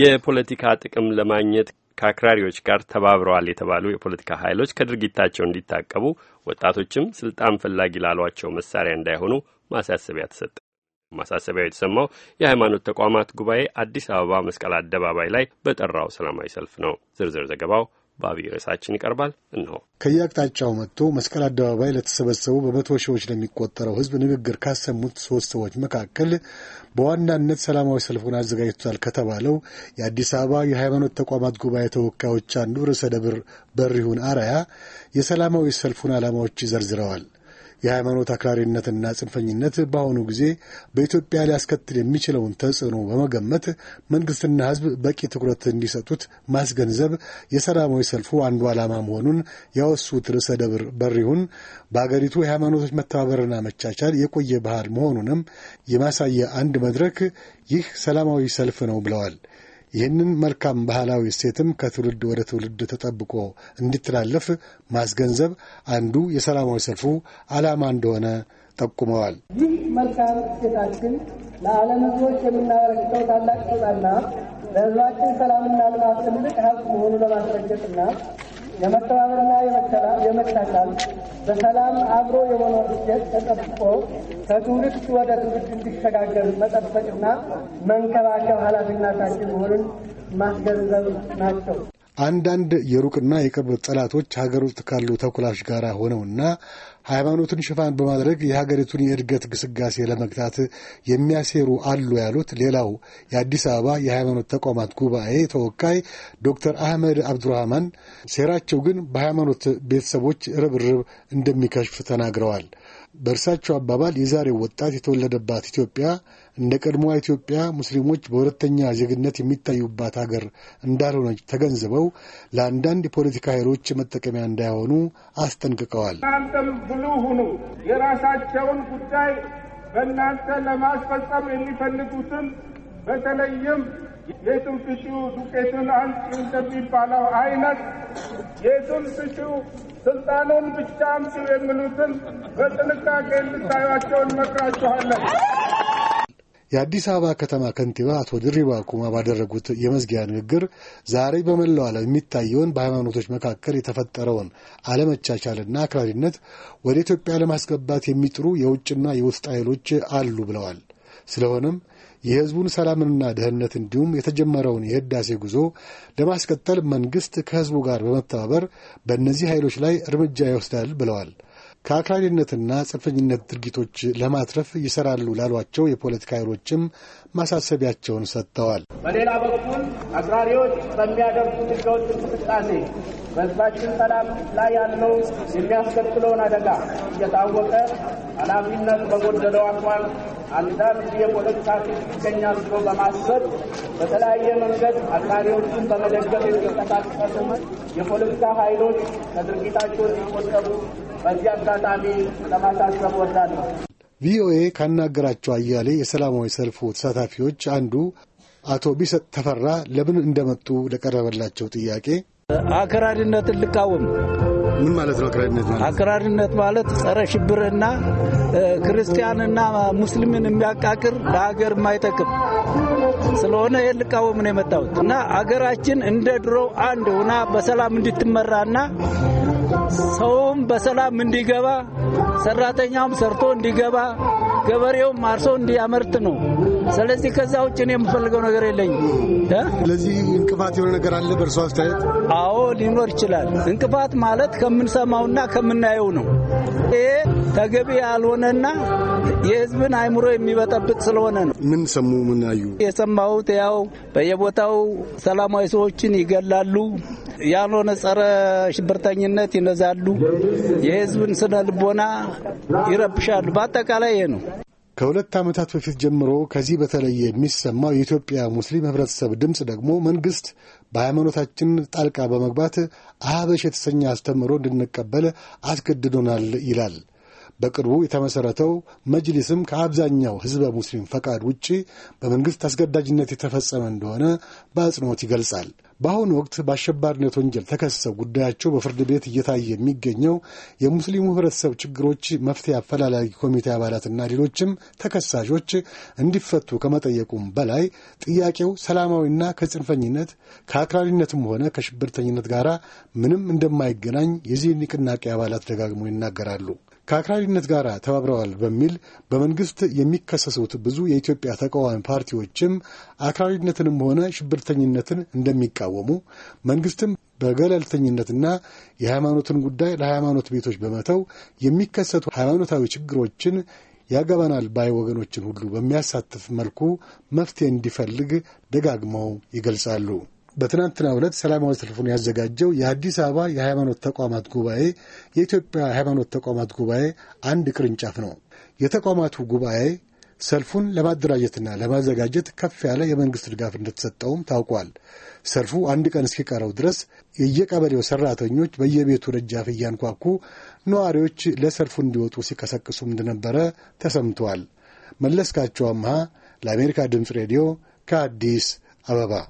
የፖለቲካ ጥቅም ለማግኘት ከአክራሪዎች ጋር ተባብረዋል የተባሉ የፖለቲካ ኃይሎች ከድርጊታቸው እንዲታቀቡ፣ ወጣቶችም ስልጣን ፈላጊ ላሏቸው መሳሪያ እንዳይሆኑ ማሳሰቢያ ተሰጠ። ማሳሰቢያው የተሰማው የሃይማኖት ተቋማት ጉባኤ አዲስ አበባ መስቀል አደባባይ ላይ በጠራው ሰላማዊ ሰልፍ ነው። ዝርዝር ዘገባው በአብይ ርዕሳችን ይቀርባል። እንሆ ከየአቅጣጫው መጥቶ መስቀል አደባባይ ለተሰበሰቡ በመቶ ሺዎች ለሚቆጠረው ሕዝብ ንግግር ካሰሙት ሶስት ሰዎች መካከል በዋናነት ሰላማዊ ሰልፉን አዘጋጅቷል ከተባለው የአዲስ አበባ የሃይማኖት ተቋማት ጉባኤ ተወካዮች አንዱ ርዕሰ ደብር በሪሁን አራያ የሰላማዊ ሰልፉን ዓላማዎች ይዘርዝረዋል። የሃይማኖት አክራሪነትና ጽንፈኝነት በአሁኑ ጊዜ በኢትዮጵያ ሊያስከትል የሚችለውን ተጽዕኖ በመገመት መንግስትና ህዝብ በቂ ትኩረት እንዲሰጡት ማስገንዘብ የሰላማዊ ሰልፉ አንዱ ዓላማ መሆኑን ያወሱት ርዕሰ ደብር በሪሁን በአገሪቱ የሃይማኖቶች መተባበርና መቻቻል የቆየ ባህል መሆኑንም የማሳየ አንድ መድረክ ይህ ሰላማዊ ሰልፍ ነው ብለዋል። ይህንን መልካም ባህላዊ እሴትም ከትውልድ ወደ ትውልድ ተጠብቆ እንዲተላለፍ ማስገንዘብ አንዱ የሰላማዊ ሰልፉ ዓላማ እንደሆነ ጠቁመዋል። ይህ መልካም እሴታችን ለዓለም ሕዝቦች የምናበረክተው ታላቅ ስጦታና ለሕዝባችን ሰላምና ልማት ትልቅ ሀብት መሆኑ ለማስረገጥና የመተባበርና የመቻቻል በሰላም አብሮ የመኖር ሂደት ተጠብቆ ከትውልድ ወደ ትውልድ እንዲሸጋገር መጠበቅና መንከባከብ ኃላፊነታችን መሆኑን ማስገንዘብ ናቸው። አንዳንድ የሩቅና የቅርብ ጠላቶች ሀገር ውስጥ ካሉ ተኩላሽ ጋር ሆነውና ሃይማኖትን ሽፋን በማድረግ የሀገሪቱን የእድገት ግስጋሴ ለመግታት የሚያሴሩ አሉ ያሉት ሌላው የአዲስ አበባ የሃይማኖት ተቋማት ጉባኤ ተወካይ ዶክተር አህመድ አብዱራህማን ሴራቸው ግን በሃይማኖት ቤተሰቦች ርብርብ እንደሚከሽፍ ተናግረዋል። በእርሳቸው አባባል የዛሬው ወጣት የተወለደባት ኢትዮጵያ እንደ ቀድሞዋ ኢትዮጵያ ሙስሊሞች በሁለተኛ ዜግነት የሚታዩባት ሀገር እንዳልሆነች ተገንዝበው ለአንዳንድ የፖለቲካ ኃይሎች መጠቀሚያ እንዳይሆኑ አስጠንቅቀዋል። ብሉ ሁኑ። የራሳቸውን ጉዳይ በእናንተ ለማስፈጸም የሚፈልጉትን በተለይም የቱን ፍጪው ዱቄቱን አንቺ እንደሚባለው አይነት የቱን ፍጪው ስልጣኑን ብቻ አምጪው የሚሉትን በጥንቃቄ እንድታዩቸውን መክራችኋለን። የአዲስ አበባ ከተማ ከንቲባ አቶ ድሪባ ኩማ ባደረጉት የመዝጊያ ንግግር ዛሬ በመላው ዓለም የሚታየውን በሃይማኖቶች መካከል የተፈጠረውን አለመቻቻልና አክራሪነት ወደ ኢትዮጵያ ለማስገባት የሚጥሩ የውጭና የውስጥ ኃይሎች አሉ ብለዋል። ስለሆነም የሕዝቡን ሰላምና ደህንነት እንዲሁም የተጀመረውን የህዳሴ ጉዞ ለማስቀጠል መንግሥት ከሕዝቡ ጋር በመተባበር በእነዚህ ኃይሎች ላይ እርምጃ ይወስዳል ብለዋል። ከአክራሪነትና ጽንፈኝነት ድርጊቶች ለማትረፍ ይሰራሉ ላሏቸው የፖለቲካ ኃይሎችም ማሳሰቢያቸውን ሰጥተዋል። በሌላ በኩል አክራሪዎች በሚያደርጉት ህገወጥ እንቅስቃሴ በህዝባችን ሰላም ላይ ያለው የሚያስከትለውን አደጋ እየታወቀ ኃላፊነት በጎደለው አቋም አንዳንድ የፖለቲካ ፊት ብሎ በማሰብ በተለያየ መንገድ አክራሪዎችን በመደገፍ የሚንቀሳቀሱ የፖለቲካ ኃይሎች ከድርጊታቸው ሊቆጠቡ በዚህ አጋጣሚ ለማሳሰብ ወዳለሁ። ቪኦኤ ካናገራቸው አያሌ የሰላማዊ ሰልፉ ተሳታፊዎች አንዱ አቶ ቢሰጥ ተፈራ ለምን እንደመጡ ለቀረበላቸው ጥያቄ አክራሪነትን ልቃወም። ምን ማለት ነው? አክራሪነት ማለት አክራሪነት ማለት ጸረ ሽብርና ክርስቲያንና ሙስሊምን የሚያቃቅር ለሀገር የማይጠቅም ስለሆነ ይህን ልቃወም ነው የመጣሁት እና አገራችን እንደ ድሮው አንድ ሁና በሰላም እንድትመራና ሰውም በሰላም እንዲገባ፣ ሰራተኛውም ሰርቶ እንዲገባ፣ ገበሬውም አርሶ እንዲያመርት ነው። ስለዚህ ከዛ ውጭ እኔ የምፈልገው ነገር የለኝም። ስለዚህ እንቅፋት የሆነ ነገር አለ በእርሶ አስተያየት? አዎ ሊኖር ይችላል። እንቅፋት ማለት ከምንሰማውና ከምናየው ነው። ይሄ ተገቢ ያልሆነና የህዝብን አእምሮ የሚበጠብጥ ስለሆነ ነው። ምን ሰሙ? ምን አዩ? የሰማሁት ያው በየቦታው ሰላማዊ ሰዎችን ይገላሉ ያልሆነ ጸረ ሽብርተኝነት ይነዛሉ፣ የህዝብን ስነ ልቦና ይረብሻሉ። በአጠቃላይ ይሄ ነው። ከሁለት ዓመታት በፊት ጀምሮ ከዚህ በተለየ የሚሰማው የኢትዮጵያ ሙስሊም ህብረተሰብ ድምፅ ደግሞ መንግስት በሃይማኖታችን ጣልቃ በመግባት አህበሽ የተሰኘ አስተምህሮ እንድንቀበል አስገድዶናል ይላል። በቅርቡ የተመሠረተው መጅሊስም ከአብዛኛው ሕዝበ ሙስሊም ፈቃድ ውጪ በመንግሥት አስገዳጅነት የተፈጸመ እንደሆነ በአጽንኦት ይገልጻል። በአሁኑ ወቅት በአሸባሪነት ወንጀል ተከሰው ጉዳያቸው በፍርድ ቤት እየታየ የሚገኘው የሙስሊሙ ህብረተሰብ ችግሮች መፍትሄ አፈላላጊ ኮሚቴ አባላትና ሌሎችም ተከሳሾች እንዲፈቱ ከመጠየቁም በላይ ጥያቄው ሰላማዊና ከጽንፈኝነት ከአክራሪነትም ሆነ ከሽብርተኝነት ጋር ምንም እንደማይገናኝ የዚህ ንቅናቄ አባላት ደጋግሞ ይናገራሉ። ከአክራሪነት ጋር ተባብረዋል በሚል በመንግስት የሚከሰሱት ብዙ የኢትዮጵያ ተቃዋሚ ፓርቲዎችም አክራሪነትንም ሆነ ሽብርተኝነትን እንደሚቃወሙ መንግስትም በገለልተኝነትና የሃይማኖትን ጉዳይ ለሃይማኖት ቤቶች በመተው የሚከሰቱ ሃይማኖታዊ ችግሮችን ያገባናል ባይ ወገኖችን ሁሉ በሚያሳትፍ መልኩ መፍትሄ እንዲፈልግ ደጋግመው ይገልጻሉ። በትናንትናው ዕለት ሰላማዊ ሰልፉን ያዘጋጀው የአዲስ አበባ የሃይማኖት ተቋማት ጉባኤ የኢትዮጵያ ሃይማኖት ተቋማት ጉባኤ አንድ ቅርንጫፍ ነው። የተቋማቱ ጉባኤ ሰልፉን ለማደራጀትና ለማዘጋጀት ከፍ ያለ የመንግሥት ድጋፍ እንደተሰጠውም ታውቋል። ሰልፉ አንድ ቀን እስኪቀረው ድረስ የየቀበሌው ሠራተኞች በየቤቱ ደጃፍ እያንኳኩ ነዋሪዎች ለሰልፉ እንዲወጡ ሲቀሰቅሱም እንደነበረ ተሰምተዋል። መለስካቸው አምሃ ለአሜሪካ ድምፅ ሬዲዮ ከአዲስ አበባ